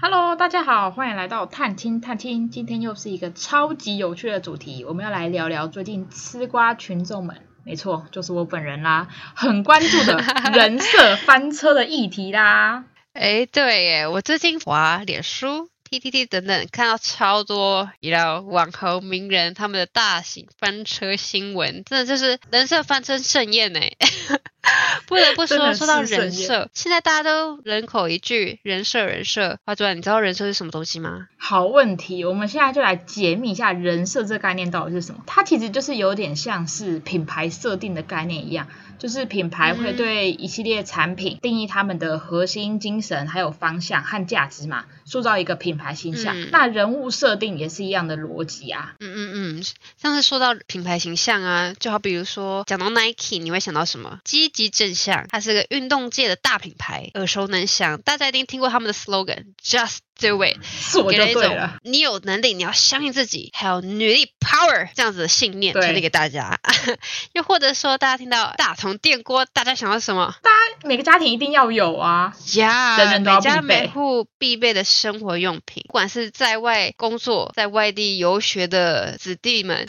Hello，大家好，歡迎來到探親探親。今天又是一個超級有趣的主題，我們要來聊聊最近吃瓜群眾們，沒錯，就是我本人啦，很關注的人設翻車的議題啦。哎、 欸，對耶，我最近刷臉書、PTT 等等，看到超多一道網紅名人他們的大型翻車新聞，真的就是人設翻車盛宴呢。 不得不說，說到人設，人設，現在大家都人口一句“人設人設”。花枝，你知道人設是什麼東西嗎？好問題，我們現在就來解密一下人設這概念到底是什麼。它其實就是有點像是品牌設定的概念一樣，就是品牌會對一系列產品、嗯、定義他們的核心精神、還有方向和價值嘛，塑造一個品牌形象、嗯。那人物設定也是一樣的邏輯啊。嗯嗯嗯，上、嗯、次說到品牌形象啊，就好比如說講到 Nike，你會想到什麼？正向，它是個運動界的大品牌，耳熟能詳，大家一定聽過他們的 slogan，Just do it，是我就對了，給了一種你有能力，你要相信自己，還有努力 power 這樣子的信念傳遞給大家。 又或者說，大家聽到大同電鍋，大家想要什麼？大家每個家庭一定要有啊，家、yeah, 每家每戶必備的生活用品，不管是在外工作，在外地遊學的子弟們。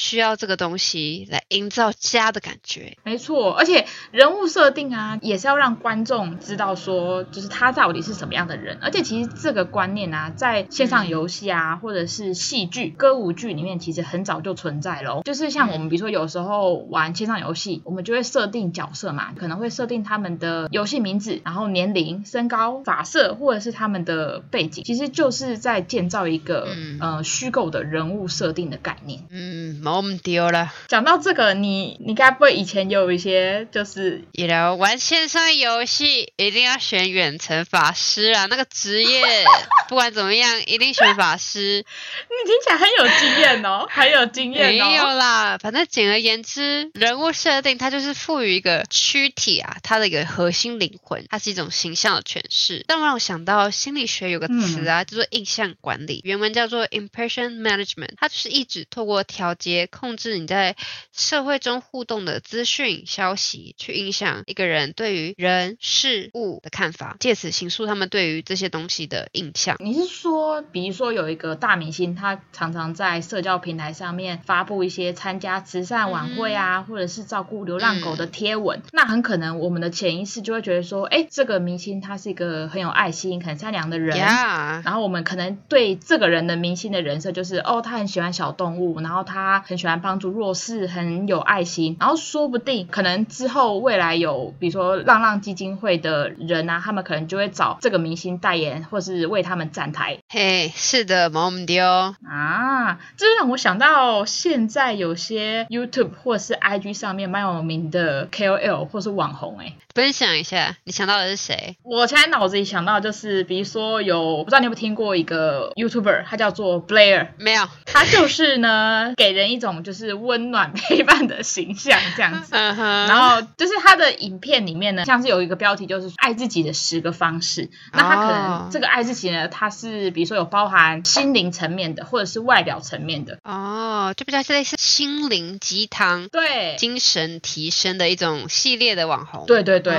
需要這個東西來營造家的感覺，沒錯。而且人物設定啊，也是要讓觀眾知道說，就是他到底是什麼樣的人。而且其實這個觀念啊，在線上遊戲啊，嗯、或者是戲劇、歌舞劇裡面，其實很早就存在咯。就是像我們，比如說有時候玩線上遊戲，我們就會設定角色嘛，可能會設定他們的遊戲名字、然後年齡、身高、髮色，或者是他們的背景，其實就是在建造一個、嗯呃、虛構的人物設定的概念。嗯。嗯我們丟了。講到這個，你你該不會以前有一些就是，you know，玩線上遊戲一定要選遠程法師啊？那個職業 不管怎麼樣，一定選法師。 你聽起來很有經驗哦，很 有經驗、哦。沒有啦，反正簡而言之，人物設定它就是賦予一個軀體啊，它的一個核心靈魂，它是一種形象的詮釋。但我讓我想到心理學有個詞啊，叫、嗯、做印象管理，原文叫做 impression management，它就是一直透過調節。控制你在社會中互動的資訊消息，去影響一個人對於人事物的看法，借此形塑他們對於這些東西的印象。你是說，比如說有一個大明星，他常常在社交平台上面發布一些參加慈善晚會啊，嗯、或者是照顧流浪狗的貼文、嗯，那很可能我們的潛意識就會覺得說，誒，這個明星他是一個很有愛心、很善良的人。嗯、然後我們可能對這個人的明星的人設就是，哦，他很喜歡小動物，然後他。很喜歡幫助弱勢，很有愛心，然後說不定可能之後未來有，比如說浪浪基金會的人啊，他們可能就會找這個明星代言，或是為他們站台。嘿、hey,，是的，毛姆丟啊，這讓我想到現在有些 YouTube 或是 IG 上面蠻有名的 KOL 或是網紅、欸，哎，分享一下，你想到的是誰？我現在腦子裡想到就是，比如說有，我不知道你有沒有聽過一個 YouTuber，他叫做 Blair，沒有，他就是呢 給人。一種就是溫暖陪伴的形象，這樣子。然後就是他的影片裡面呢，像是有一個標題，就是“愛自己的十個方式”。那他可能這個愛自己呢，他是比如說有包含心靈層面的，或者是外表層面的。哦，就比較類似心靈雞湯，對，精神提升的一種系列的網紅。對對對。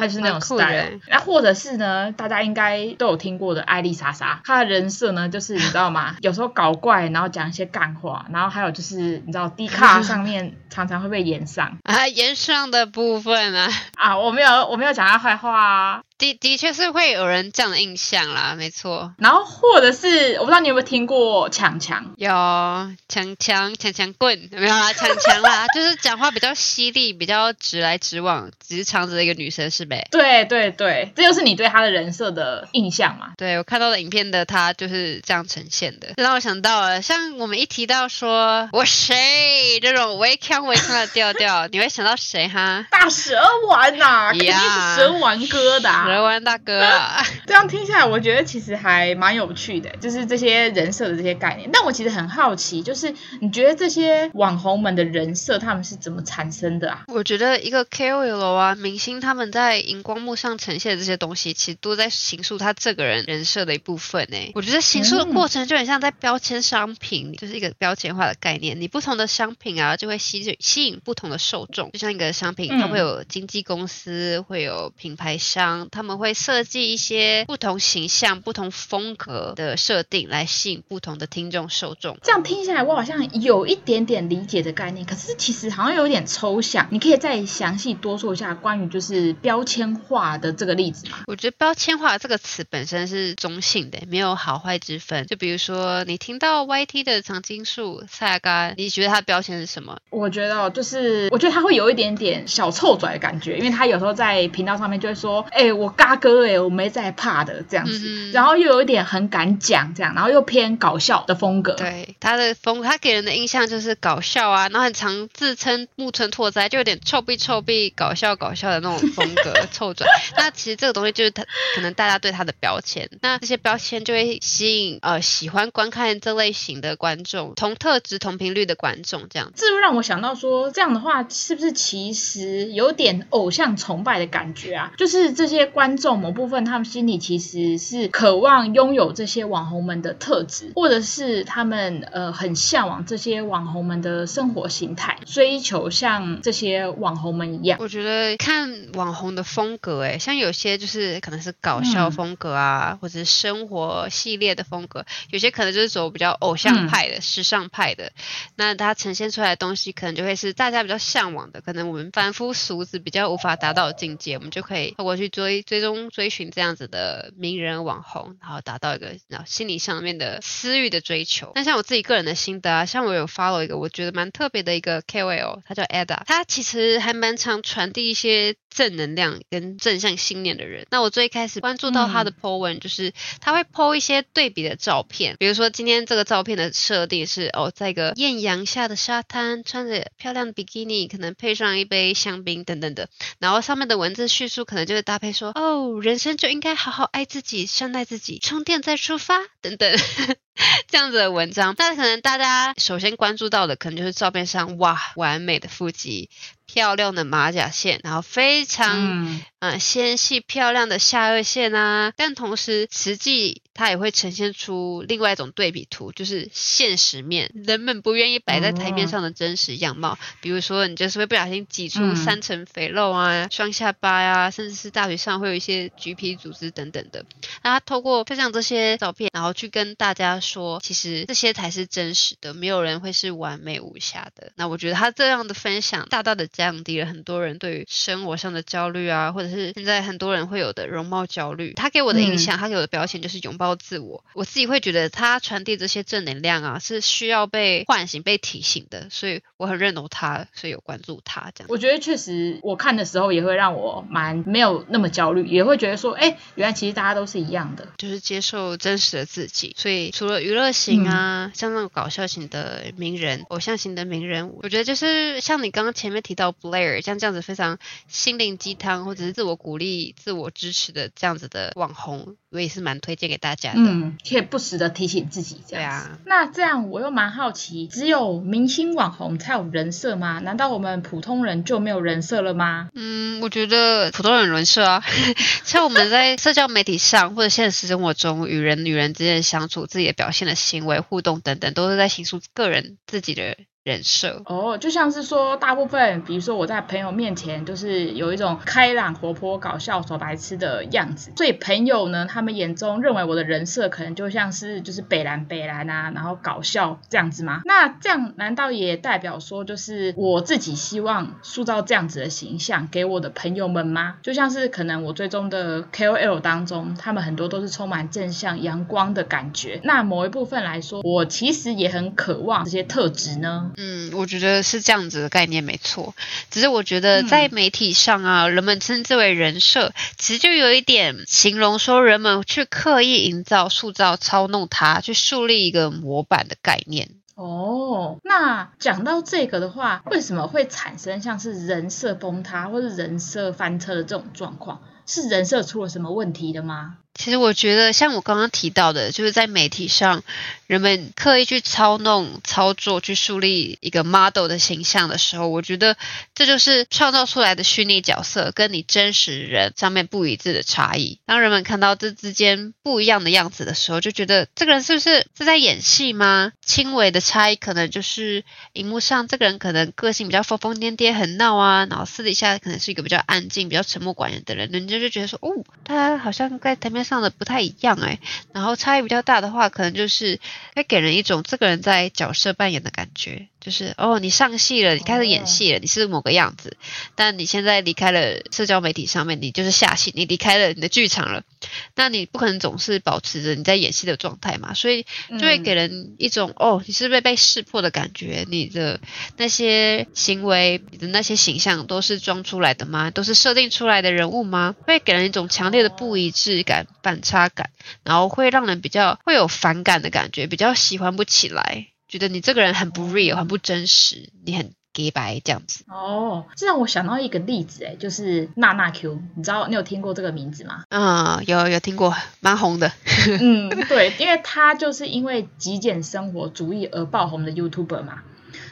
他就是那種素人。那或者是呢，大家應該都有聽過的艾莉莎莎，她的人設呢，就是你知道嗎？ 有時候搞怪，然後講一些幹話，然後還有就是你知道，D 卡上面常常會被炎上 啊，炎上的部分啊，啊，我沒有，我沒有講她壞話啊。的的確是會有人這樣的印象啦，沒錯。然後或者是我不知道你有沒有聽過強強有強強強強棍，有沒有啊？強強啊， 就是講話比較犀利，比較直來直往、直腸子的一個女生，是唄？對對對，這就是你對她的人設的印象嘛？對我看到的影片的她就是這樣呈現的，讓我想到了，像我們一提到說我誰這種 we can we can 的調調， 你會想到誰哈？大蛇丸吶、啊，yeah, 肯定是蛇丸哥的啊。啊人文大哥啊啊，這樣聽下來我覺得其實還蠻有趣的，就是這些人設的這些概念。但我其實很好奇，就是你覺得這些網紅們的人設他們是怎麼產生的啊？我覺得一個 KOL 啊，明星他們在熒光幕上呈現的這些東西，其實都在形塑他這個人人設的一部分呢、欸。我覺得形塑的過程就很像在標籤商品、嗯，就是一個標籤化的概念。你不同的商品啊，就會吸吸引不同的受眾。就像一個商品，它會有經紀公司，嗯、會有品牌商。他們會設計一些不同形象、不同風格的設定來吸引不同的聽眾受眾。這樣聽下來，我好像有一點點理解的概念，可是其實好像有點抽象。你可以再詳細多說一下關於就是標籤化的這個例子嗎？我覺得“標籤化”這個詞本身是中性的，沒有好壞之分。就比如說，你聽到 YT 的常青樹塞嘎，你覺得它標籤是什麼？我覺得就是，我覺得它會有一點點小臭拽的感覺，因為他有時候在頻道上面就會說：“哎，我。”哦、嘎哥，哎、欸，我沒在怕的這樣子。嗯嗯，然後又有一點很敢講這樣，然後又偏搞笑的風格。對他的風，他給人的印象就是搞笑啊，然後很常自稱木村拓哉，就有點臭屁臭屁搞笑搞笑的那種風格， 臭拽。那其實這個東西就是他，可能大家對他的標籤，那這些標籤就會吸引呃喜歡觀看這類型的觀眾，同特質同頻率的觀眾這樣。這就讓我想到說，這樣的話是不是其實有點偶像崇拜的感覺啊？就是這些。觀眾某部分，他們心裡其實是渴望擁有這些網紅們的特質，或者是他們呃很向往這些網紅們的生活形態，追求像這些網紅們一樣。我覺得看網紅的風格、欸，誒，像有些就是可能是搞笑風格啊、嗯，或者是生活系列的風格，有些可能就是走比較偶像派的、嗯、時尚派的，那它呈現出來的東西，可能就會是大家比較向往的，可能我們凡夫俗子比較無法達到的境界，我們就可以透過去追。最終追尋這樣子的名人網紅，然後達到一個然後心理上面的私欲的追求。那像我自己個人的心得啊，像我有 follow 一個我覺得蠻特別的一個 KOL，他叫 Ada，他其實還蠻常傳遞一些正能量跟正向信念的人。那我最開始關注到他的 Po 文，嗯、就是他會剖一些對比的照片，比如說今天這個照片的設定是哦，在一個豔陽下的沙灘，穿着漂亮 bikini，可能配上一杯香檳等等的，然後上面的文字敘述可能就是搭配說。哦，人生就應該好好愛自己、善待自己、充電再出發等等呵呵，這樣子的文章。那可能大家首先關注到的，可能就是照片上哇，完美的腹肌。漂亮的馬甲線，然後非常嗯、呃、纖細漂亮的下顎線啊，但同時實際它也會呈現出另外一種對比圖，就是現實面人們不願意擺在檯面上的真實樣貌，嗯、比如說你就是會不小心擠出三層肥肉啊，嗯、雙下巴呀、啊，甚至是大腿上會有一些橘皮組織等等的。他透過分享這些照片，然後去跟大家說，其實這些才是真實的，沒有人會是完美無瑕的。那我覺得他這樣的分享，大大的降低了很多人對於生活上的焦慮啊，或者是現在很多人會有的容貌焦慮。他給我的印象、嗯，他給我的表現就是擁抱自我。我自己會覺得他傳遞這些正能量啊，是需要被喚醒、被提醒的。所以我很認同他，所以有關注他。這樣我覺得確實，我看的時候也會讓我蠻沒有那麼焦慮，也會覺得說，哎，原來其實大家都是一樣樣的就是接受真實的自己，所以除了娛樂型啊，嗯、像那種搞笑型的名人、偶像型的名人，我覺得就是像你剛剛前面提到 Blair，像這樣子非常心靈雞湯或者是自我鼓勵、自我支持的這樣子的網紅，我也是蠻推薦給大家的。嗯，可以不時的提醒自己。對啊。那這樣我又蠻好奇，只有明星網紅才有人設嗎？難道我們普通人就沒有人設了嗎？嗯，我覺得普通人人設啊， 像我們在社交媒體上。 或者現實生活中與人與人之間相處、自己的表現的行為、互動等等，都是在形塑個人自己的。人設哦，oh, 就像是說，大部分比如說我在朋友面前就是有一種開朗、活潑、搞笑、小白痴的樣子，所以朋友呢，他們眼中認為我的人設可能就像是就是北藍、北藍啊，然後搞笑這樣子嘛。那這樣難道也代表說，就是我自己希望塑造這樣子的形象給我的朋友們嗎？就像是可能我最終的 KOL 當中，他們很多都是充滿正向、陽光的感覺。那某一部分來說，我其實也很渴望這些特質呢。嗯，我覺得是這樣子的概念沒錯，只是我覺得在媒體上啊，嗯、人們稱之為“人設”，其實就有一點形容說人們去刻意營造、塑造、操弄它，去樹立一個模板的概念。哦，那講到這個的話，為什麼會產生像是人設崩塌或是人設翻車的這種狀況？是人設出了什麼問題的嗎？其實我覺得，像我剛剛提到的，就是在媒體上，人們刻意去操弄、操作，去樹立一個 model 的形象的時候，我覺得這就是創造出來的虛擬角色跟你真實人上面不一致的差異。當人們看到這之間不一樣的樣子的時候，就覺得這個人是不是是在演戲嗎？輕微的差異，可能就是熒幕上這個人可能個性比較瘋瘋癲癲、很鬧啊，然後私底下可能是一個比較安靜、比較沉默寡言的人，人家就覺得說，哦，他好像在台面。上的不太一樣哎、欸。然後差異比較大的話，可能就是會給人一種這個人在角色扮演的感覺。就是哦，你上戲了，你開始演戲了，你是某個樣子。但你現在離開了社交媒體上面，你就是下戲，你離開了你的劇場了。那你不可能總是保持着你在演戲的狀態嘛，所以就會給人一種哦，你是不是被識破的感覺？你的那些行為，你的那些形象，都是裝出來的嗎？都是設定出來的人物嗎？會給人一種強烈的不一致感、反差感，然後會讓人比較會有反感的感覺，比較喜歡不起來。覺得你這個人很不 real，很不真實，你很假掰這樣子。哦，這讓我想到一個例子，誒就是娜娜 Q，你知道你有聽過這個名字嗎？嗯，有有聽過，蠻紅的。 嗯，對，因為他就是因為極簡生活主義而爆紅的 YouTuber 嘛。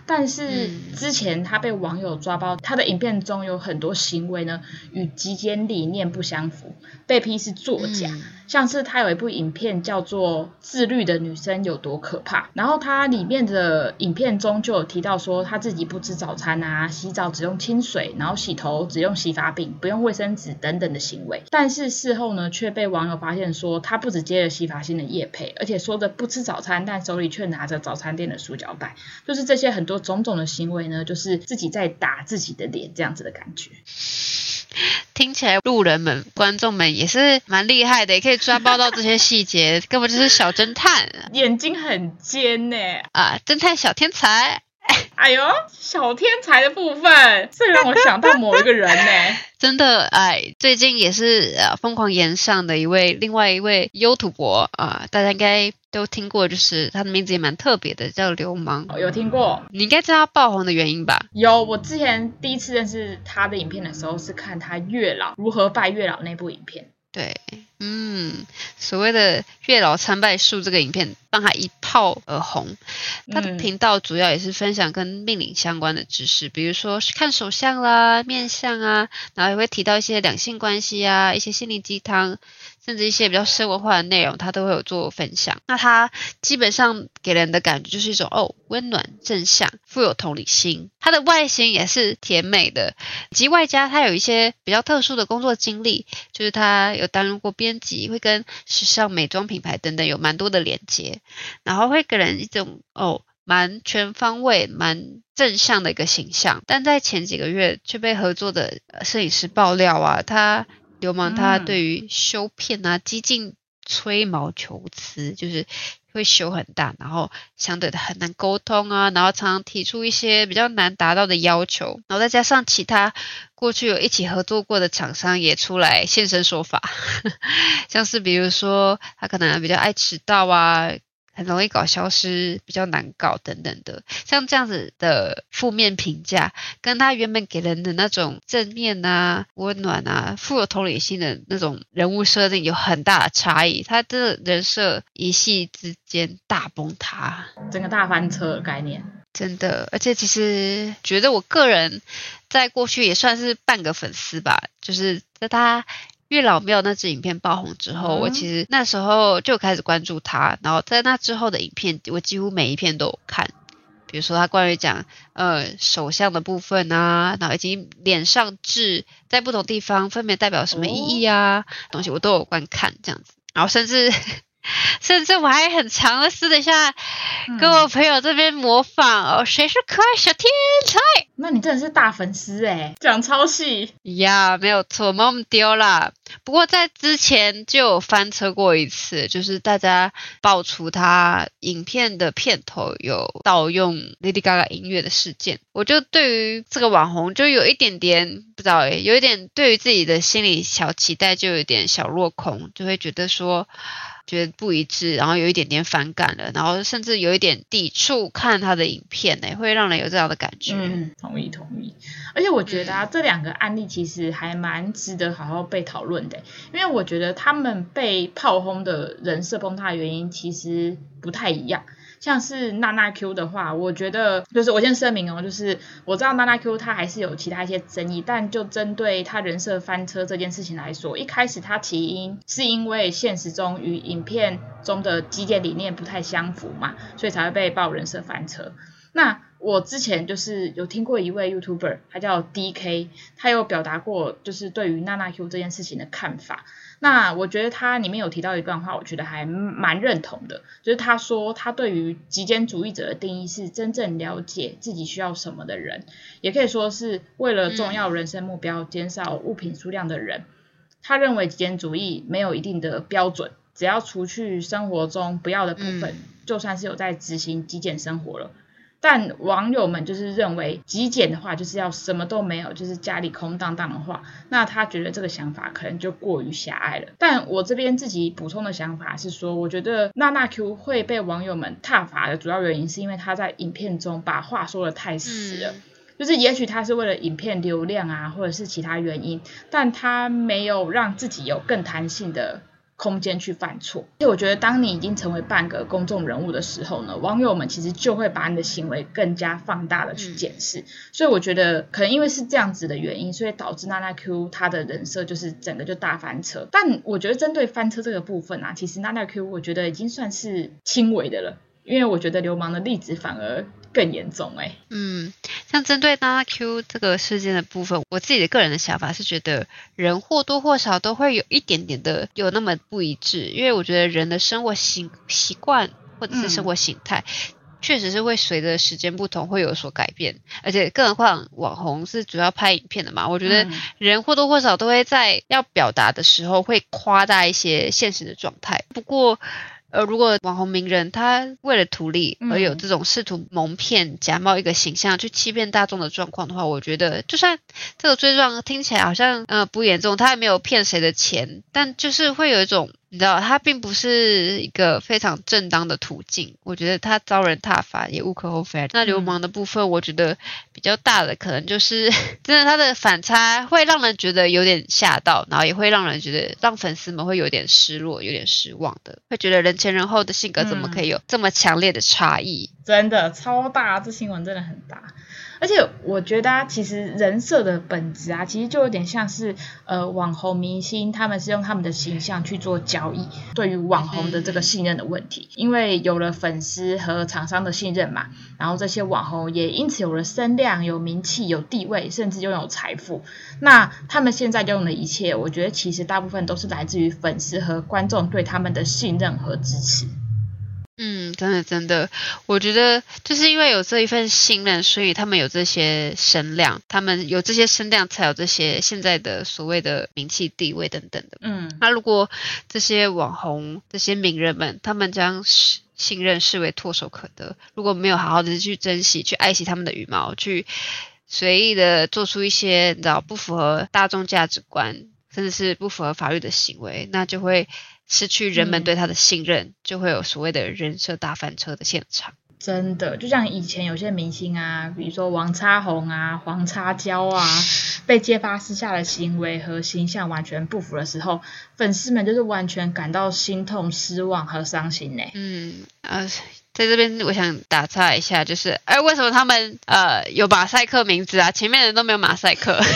但是之前他被網友抓包，嗯、他的影片中有很多行為呢與極簡理念不相符，被批是作假。嗯像是他有一部影片叫做《自律的女生有多可怕》，然後他裡面的影片中就有提到說，她自己不吃早餐啊，洗澡只用清水，然後洗頭只用洗髮餅，不用衛生紙等等的行為。但是事後呢，卻被網友發現說，她不只接了洗髮精的業配，而且說着不吃早餐，但手裡卻拿着早餐店的塑膠袋。就是這些很多種種的行為呢，就是自己在打自己的臉，這樣子的感覺。聽起來路人們、觀眾們也是蠻厲害的，也可以抓包到這些細節， 根本就是小偵探、啊，眼睛很尖呢、欸、啊，偵探小天才。哎呦，小天才的部分，這讓我想到某一個人呢、欸。 真的，哎，最近也是呃、瘋狂言上的一位，另外一位優土博啊，大家應該都聽過，就是他的名字也蠻特別的，叫流氓。有聽過？你應該知道爆紅的原因吧？有，我之前第一次認識他的影片的時候，是看他月老如何拜月老那部影片。對，嗯，所謂的月老參拜術這個影片幫他一炮而紅，他的頻道主要也是分享跟命理相關的知識，嗯、比如說看手相啦、面相啊，然後也會提到一些兩性關係啊，一些心靈雞湯。甚至一些比較生活化的內容，他都會有做分享。那他基本上給人的感覺就是一種哦，溫暖、正向、富有同理心。他的外形也是甜美的，及外加他有一些比較特殊的工作經歷，就是他有擔任過編輯，會跟時尚美妝品牌等等有蠻多的連接，然後會給人一種哦，蠻全方位、蠻正向的一個形象。但在前幾個月，卻被合作的攝影師爆料啊，他流氓，他對於修片啊，嗯、激進、吹毛求疵，就是會修很大，然後相對的很難溝通啊，然後常常提出一些比較難達到的要求，然後再加上其他過去有一起合作過的廠商也出來現身說法， 像是比如說他可能比較愛遲到啊。很容易搞消失，比較難搞等等的，像這樣子的負面評價，跟他原本給人的那種正面啊、溫暖啊、富有同理心的那種人物設定有很大的差異。他的人設一夕之間大崩塌，整個大翻車的概念，真的。而且其實覺得我個人在過去也算是半個粉絲吧，就是在他。月老廟那支影片爆紅之後，我其實那時候就開始關注他，然後在那之後的影片，我幾乎每一片都有看，比如說他關於講呃手相的部分啊，然後以及臉上痣在不同地方分別代表什麼意義啊，oh. 東西我都有觀看這樣子，然後甚至。甚至我還很常私底下跟我朋友這邊模仿、嗯、哦，誰是可愛小天才？那你真的是大粉絲哎、欸，講超細呀、yeah,，沒有錯，沒丟啦。不過在之前就有翻車過一次，就是大家爆出他影片的片頭有盜用 Lady Gaga 音樂的事件，我就對於這個網紅就有一點點不知道、欸，有一點對於自己的心裡小期待就有一點小落空，就會覺得說。覺得不一致，然後有一點點反感了，然後甚至有一點抵觸看他的影片，呢，會讓人有這樣的感覺。嗯、同意同意，而且我覺得啊，Okay. 這兩個案例其實還蠻值得好好被討論的，因為我覺得他們被炮轟的人設崩塌的原因其實不太一樣。像是娜娜 Q 的話，我覺得就是我先聲明哦，就是我知道娜娜 Q 她還是有其他一些爭議，但就針對她人設翻車這件事情來說，一開始她起因是因為現實中與影片中的極簡理念不太相符嘛，所以才會被爆人設翻車。那我之前就是有聽過一位 YouTuber，他叫 DK，他有表達過就是對於娜娜 Q 這件事情的看法。那我覺得他裡面有提到一段話，我覺得還蠻認同的，就是他說他對於極簡主義者的定義是真正了解自己需要什麼的人，也可以說是為了重要人生目標減少物品數量的人。他認為極簡主義沒有一定的標準，只要除去生活中不要的部分，嗯、就算是有在執行極簡生活了。但網友們就是認為極簡的話就是要什麼都沒有，就是家裡空蕩蕩的話，那他覺得這個想法可能就過於狹隘了。但我這邊自己補充的想法是說，我覺得娜娜 Q 會被網友們撻伐的主要原因，是因為他在影片中把話說得太死了，嗯，就是也許他是為了影片流量啊，或者是其他原因，但他沒有讓自己有更彈性的。空間去犯錯，所以我覺得當你已經成為半個公眾人物的時候呢，網友們其實就會把你的行為更加放大的去檢視。所以我覺得可能因為是這樣子的原因，所以導致娜娜 Q 她的人設就是整個就大翻車。但我覺得針對翻車這個部分啊，其實娜娜 Q 我覺得已經算是輕微的了，因為我覺得流氓的例子反而。更嚴重哎、欸，嗯，像針對 NanaQ 這個事件的部分，我自己的個人的想法是覺得人或多或少都會有一點點的有那麼不一致，因為我覺得人的生活習習慣或者是生活形態、嗯，確實是會隨着時間不同會有所改變，而且更何況網紅是主要拍影片的嘛，我覺得人或多或少都會在要表達的時候會誇大一些現實的狀態，不過。呃，如果網紅名人他為了圖利而有這種試圖蒙騙、假冒一個形象去欺騙大眾的狀況的話，我覺得就算這個罪狀聽起來好像呃不嚴重，他也沒有騙誰的錢，但就是會有一種。你知道他並不是一個非常正當的途徑，我覺得他遭人撻伐也無可厚非。嗯。那流氓的部分，我覺得比較大的可能就是，真的他的反差會讓人覺得有點嚇到，然後也會讓人覺得讓粉絲們會有點失落、有點失望的，會覺得人前人後的性格怎麼可以有這麼強烈的差異。嗯真的超大，這新聞真的很大。而且我覺得啊，其實人設的本質啊，其實就有點像是呃，網紅明星，他們是用他們的形象去做交易。對於網紅的這個信任的問題，因為有了粉絲和廠商的信任嘛，然後這些網紅也因此有了聲量、有名氣、有地位，甚至擁有財富。那他們現在用的一切，我覺得其實大部分都是來自於粉絲和觀眾對他們的信任和支持。嗯，真的真的，我覺得就是因為有這一份信任，所以他們有這些聲量，他們有這些聲量，才有這些現在的所謂的名氣、地位等等的。嗯，那如果這些網紅、這些名人們，他們將信任視為唾手可得，如果沒有好好的去珍惜、去愛惜他們的羽毛，去隨意的做出一些你知道不符合大眾價值觀，甚至是不符合法律的行為，那就會。失去人們對他的信任，嗯、就會有所謂的人設大翻車的現場。真的，就像以前有些明星啊，比如說王叉紅啊、黃叉嬌啊，被揭發私下的行為和形象完全不符的時候，粉絲們就是完全感到心痛、失望和傷心嘞。嗯，呃，在這邊我想打岔一下，就是，哎、欸，為什麼他們呃有馬賽克名字啊？前面人都沒有馬賽克。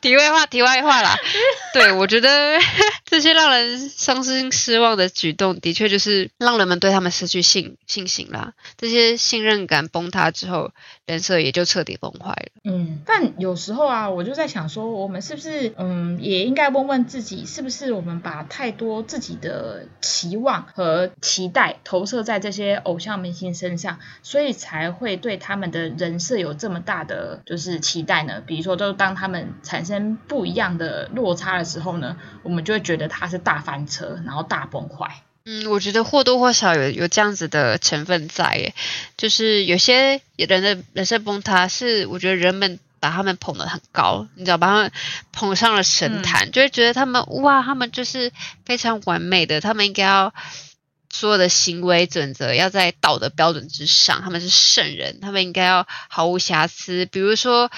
題 外話，題外話啦。 對，我覺得這些讓人傷心失望的舉動，的確就是讓人們對他們失去信信心了。這些信任感崩塌之後，人設也就徹底崩壞了。嗯，但有時候啊，我就在想說，我們是不是嗯，也應該問問自己，是不是我們把太多自己的期望和期待投射在這些偶像明星身上，所以才會對他們的人設有這麼大的就是期待呢？比如說，就當他們產生不一樣的落差的時候呢，我們就會覺得他是大翻車，然後大崩壞。嗯，我覺得或多或少有有這樣子的成分在，哎，就是有些人的人設崩塌是，我覺得人們把他們捧得很高，你知道把他們捧上了神壇，嗯、就會覺得他們哇，他們就是非常完美的，他們應該要做的行為準則要在道德標準之上，他們是聖人，他們應該要毫無瑕疵，比如說。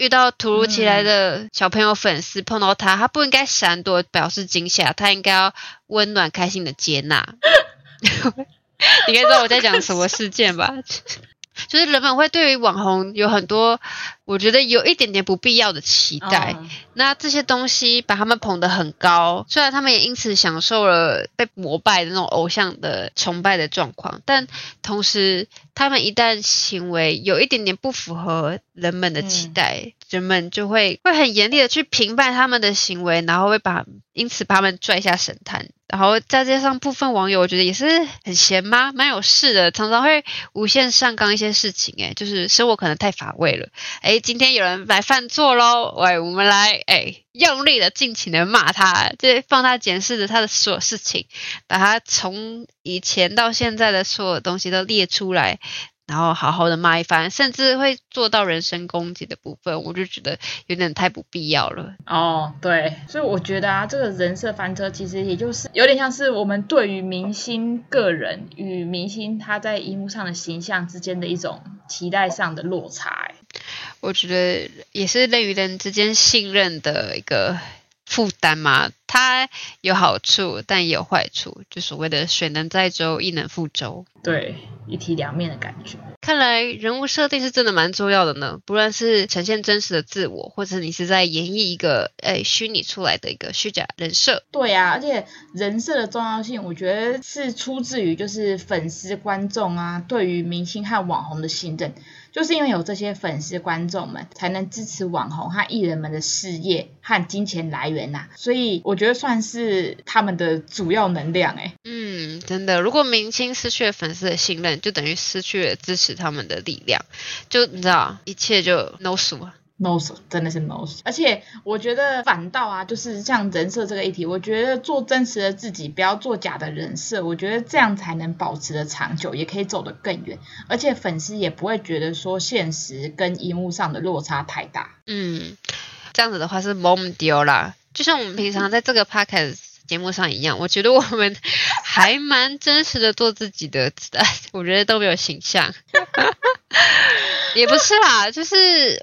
遇到突如其來的小朋友粉絲、嗯、碰到他，他不應該閃躲表示驚嚇，他應該要溫暖開心的接納。 你應該知道我在講什麼事件吧？ 就是人們會對於網紅有很多，我覺得有一點點不必要的期待，哦嗯。那這些東西把他們捧得很高，雖然他們也因此享受了被膜拜的那種偶像的崇拜的狀況，但同時他們一旦行為有一點點不符合人們的期待，嗯、人們就會會很嚴厲的去評判他們的行為，然後會把。因此把他們拽下神壇，然後再加上部分網友，我覺得也是很閒嗎？蠻有事的，常常會無限上綱一些事情、欸。哎，就是生活可能太乏味了。哎、欸，今天有人來犯錯嘍！喂，我們來哎、欸，用力的、盡情的罵他，這放大檢視着他的所有事情，把他從以前到現在的所有東西都列出來。然後好好的罵一番，甚至會做到人身攻擊的部分，我就覺得有點太不必要了。哦，對，所以我覺得啊，這個人設翻車，其實也就是有點像是我們對於明星個人與明星他在熒幕上的形象之間的一種期待上的落差。我覺得也是人與人之間信任的一個。負擔嘛，它有好處，但也有壞處，就所謂的水能載舟，亦能覆舟，對，一體兩面的感覺。看來人物設定是真的蠻重要的呢，不論是呈現真實的自我，或者你是在演繹一個誒虛擬出來的一個虛假人設。對呀，啊，而且人設的重要性，我覺得是出自於就是粉絲觀眾啊，對於明星和網紅的信任。就是因為有這些粉絲觀眾們，才能支持網紅和藝人們的事業和金錢來源吶、啊，所以我覺得算是他們的主要能量哎、欸。嗯，真的，如果明星失去了粉絲的信任，就等於失去了支持他們的力量，就你知道，一切就 no 輸了。nose 真的是 nose 而且我覺得反倒啊，就是像人設這個議題，我覺得做真實的自己，不要做假的人設，我覺得這樣才能保持的長久，也可以走得更遠，而且粉絲也不會覺得說現實跟熒幕上的落差太大。嗯，這樣子的話是蒙掉了，就像我們平常在這個 podcast 節目上一樣，我覺得我們還蠻真實的做自己的，我覺得都沒有形象。 也不是啦，就是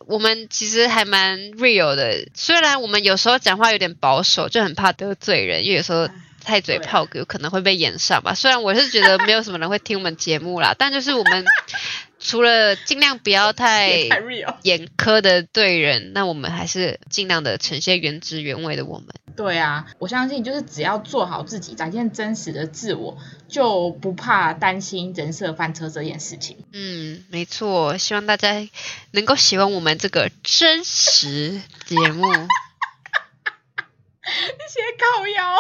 我們其實還蠻 real 的，雖然我們有時候講話有點保守，就很怕得罪人，因為有時候太嘴炮，有可能會被炎上吧。雖然我是覺得沒有什麼人會聽我們節目啦， 但就是我們。 除了盡量不要太嚴苛的對人，那我們還是盡量的呈現原汁原味的我們。對啊，我相信就是只要做好自己，展現真實的自我，就不怕擔心人設翻車這件事情。嗯，沒錯，希望大家能夠喜歡我們這個真實節目。那些靠腰，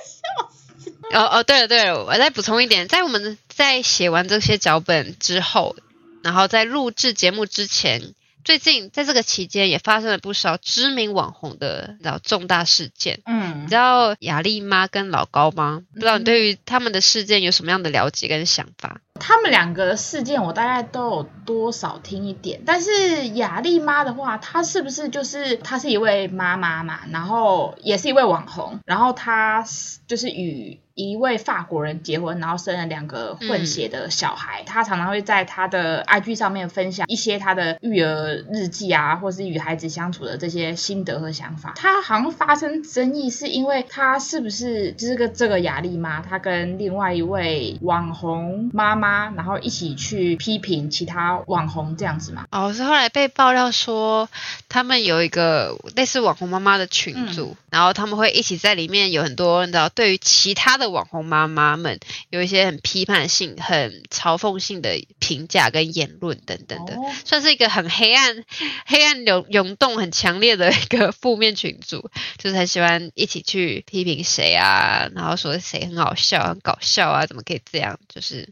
笑死！哦哦，了 oh, oh, 對了對了，我再補充一點，在我們。在寫完這些腳本之後，然後在錄制節目之前，最近在這個期間也發生了不少知名網紅的重大事件，嗯，你知道雅麗媽跟老高嗎？嗯？不知道你對於他們的事件有什麼樣的了解跟想法？他們兩個的事件我大概都有多少聽一點，但是雅麗媽的話，她是不是就是她是一位媽媽嘛，然後也是一位網紅，然後她就是與。一位法國人結婚，然後生了兩個混血的小孩。嗯。他常常會在他的 IG 上面分享一些他的育兒日記啊，或是與孩子相處的這些心得和想法。他好像發生爭議，是因為他是不是就是個這個雅麗媽？他跟另外一位網紅媽媽，然後一起去批評其他網紅這樣子嗎？哦，是後來被爆料說他們有一個類似網紅媽媽的群組，嗯，然後他們會一起在裡面有很多你知道對於其他的。網紅媽媽們有一些很批判性、很嘲諷性的評價跟言論等等的，算是一個很黑暗、黑暗湧湧動很強烈的一個負面群組，就是很喜歡一起去批評誰啊，然後說誰很好笑、很搞笑啊，怎麼可以這樣？就是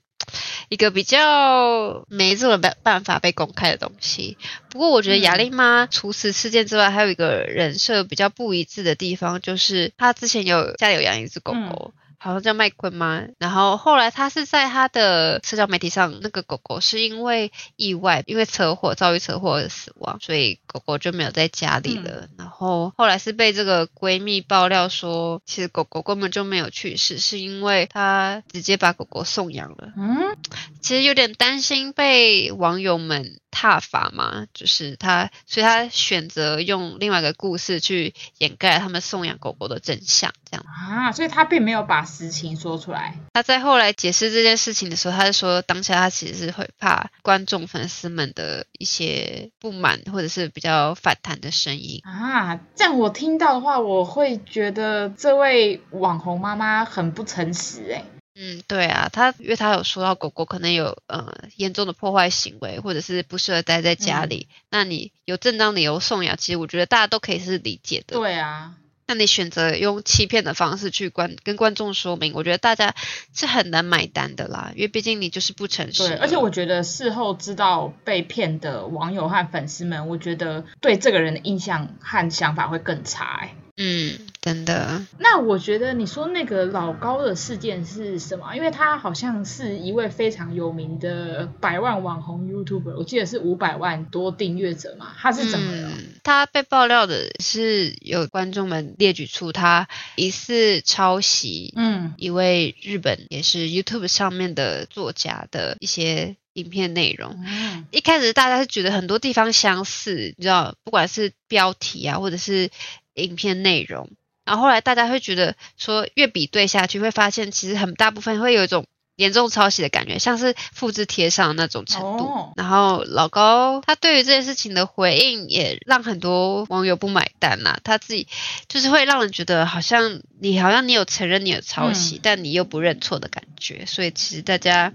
一個比較沒這種辦辦法被公開的東西。不過我覺得亞歷媽除此事件之外，還有一個人設比較不一致的地方，就是她之前有家裡有養一隻狗狗。嗯好像叫麥昆嘛，然後後來他是在他的社交媒體上，那個狗狗是因為意外，因為車禍遭遇車禍而死亡，所以狗狗就沒有在家裡了，嗯。然後後來是被這個閨蜜爆料說，其實狗狗根本就沒有去世，是因為他直接把狗狗送養了。嗯，其實有點擔心被網友們。踏法嘛，就是他，所以他選擇用另外一個故事去掩蓋他們送養狗狗的真相，這樣啊，所以他並沒有把實情說出來。他在後來解釋這件事情的時候，他就說，當下他其實是會怕觀眾粉絲們的一些不滿或者是比較反彈的聲音啊。這樣我聽到的話，我會覺得這位網紅媽媽很不誠實欸。嗯，對啊，他因為他有說到狗狗可能有呃嚴重的破壞行為，或者是不適合待在家裡，嗯。那你有正當理由送養，其實我覺得大家都可以是理解的。對啊，那你選擇用欺騙的方式去觀跟觀眾說明，我覺得大家是很難買單的啦，因為畢竟你就是不誠實。對，而且我覺得事後知道被騙的網友和粉絲們，我覺得對這個人的印象和想法會更差欸。嗯，真的。那我覺得你說那個老高的事件是什麼？因為他好像是一位非常有名的百萬網紅 YouTuber，我記得是五百萬多訂閱者嘛。他是怎麼樣？嗯，他被爆料的是有觀眾們列舉出他疑似抄襲，嗯，一位日本，嗯，也是 YouTube 上面的作家的一些影片內容，嗯。一開始大家是覺得很多地方相似，你知道，不管是標題啊，或者是。影片內容，然後後來大家會覺得說，越比對下去，會發現其實很大部分會有一種嚴重抄襲的感覺，像是複製貼上那種程度、哦。然後老高他對於這件事情的回應，也讓很多網友不買單吶、啊。他自己就是會讓人覺得好像你好像你有承認你有抄襲，嗯、但你又不認錯的感覺。所以其實大家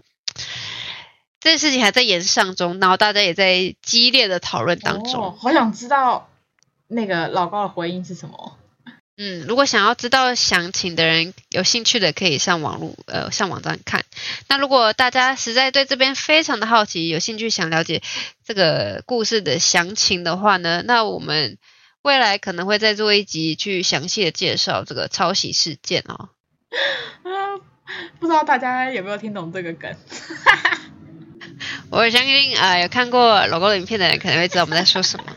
這件事情還在延燒中，然後大家也在激烈的討論當中。哦、好想知道。嗯那個老高的回應是什麼？嗯，如果想要知道詳情的人，有興趣的可以上網絡，呃，上網站看。那如果大家實在對這邊非常的好奇，有興趣想了解這個故事的詳情的話呢，那我們未來可能會再做一集去詳細的介紹這個抄襲事件哦。啊，不知道大家有沒有聽懂這個梗？ 我相信啊，有看過老高的影片的人，可能會知道我們在說什麼。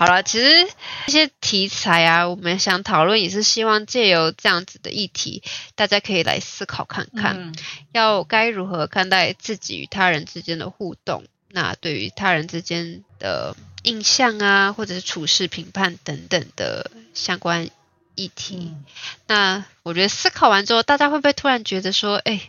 好了，其實這些題材啊，我們想討論也是希望借由這樣子的議題，大家可以來思考看看，嗯，要該如何看待自己與他人之間的互動，那對於他人之間的印象啊，或者是處事評判等等的相關議題。嗯，那我覺得思考完之後，大家會不會突然覺得說，誒……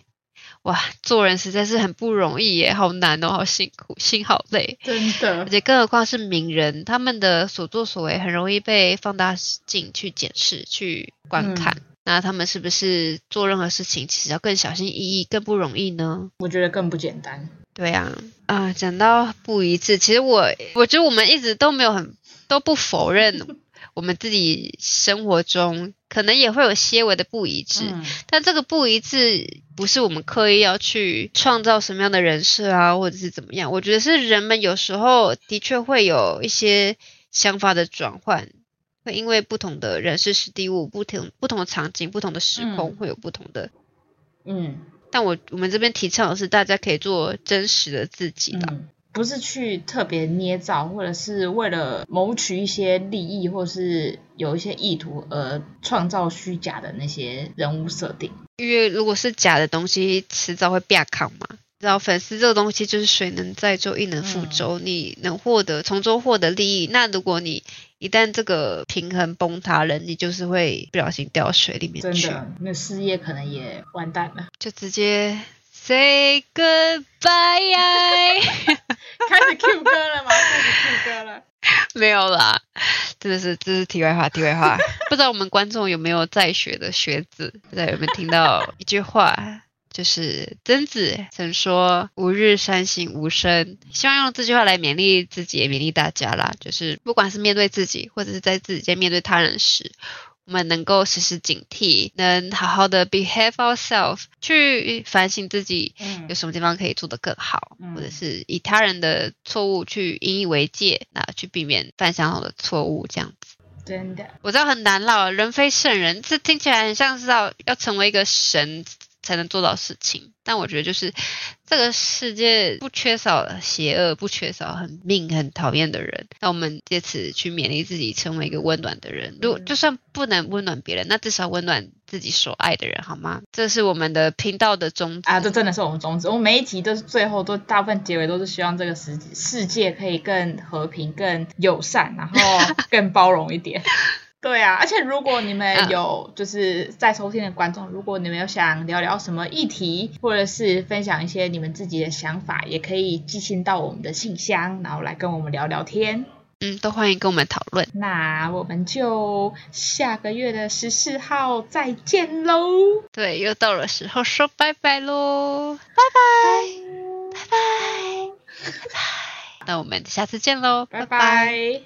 哇，做人實在是很不容易耶，好難哦，好辛苦，心好累，真的。而且，更何況是名人，他們的所作所為很容易被放大鏡去檢視、去觀看。嗯、那他們是不是做任何事情，其實要更小心翼翼、更不容易呢？我覺得更不簡單。對呀、啊，啊、呃，講到不一致，其實我，我覺得我們一直都沒有很，都不否認。 我們自己生活中可能也會有些微的不一致、嗯，但這個不一致不是我們刻意要去創造什麼樣的人設啊，或者是怎麼樣。我覺得是人們有時候的確會有一些想法的轉換，會因為不同的人事、時地物、不同不同的場景、不同的時空，會有不同的。嗯，但我我們這邊提倡的是大家可以做真實的自己吧。嗯不是去特別捏造，或者是為了謀取一些利益，或是有一些意圖而創造虛假的那些人物設定。因為如果是假的東西，遲早會變康嘛。然後粉絲這個東西就是水能載舟，亦能覆舟、嗯。你能獲得從中獲得利益，那如果你一旦這個平衡崩塌，人你就是會不小心掉到水裡面去，真的，那事業可能也完蛋了，就直接 say goodbye。 開始 Q 歌了嗎？開始 Q 歌了， 沒有啦，真的是這是題外話，題外話。 不知道我們觀眾有沒有在學的學子，在 有沒有聽到一句話，就是曾子曾說“吾日三省吾身”，希望用這句話來勉勵自己，也勉勵大家啦。就是不管是面對自己，或者是在自己在面對他人時，我們能夠時時警惕，能好好的 behave ourselves，去反省自己，有什麼地方可以做得更好，嗯，或者是以他人的錯誤去引以為戒，那去避免犯相同的錯誤，這樣子。真的，我知道很難了，人非聖人，這聽起來很像是要要成為一個神。才能做到事情，但我覺得就是這個世界不缺少邪惡，不缺少很 mean、很討厭的人。那我們借此去勉勵自己，成為一個溫暖的人。如、嗯、就算不能溫暖別人，那至少溫暖自己所愛的人，好嗎？這是我們的頻道的宗旨。啊，這真的是我們宗旨。我每一集都是最後都大部分結尾都是希望這個世世界可以更和平、更友善，然後更包容一點。 對啊，而且如果你們有就是在收聽的觀眾、嗯，如果你們有想聊聊什麼議題，或者是分享一些你們自己的想法，也可以寄信到我們的信箱，然後來跟我們聊聊天。嗯，都歡迎跟我們討論。那我們就下個月的十四號再見嘍。對，又到了時候說拜拜嘍，拜拜拜拜拜，bye. Bye bye 那我們下次見嘍，拜拜。Bye bye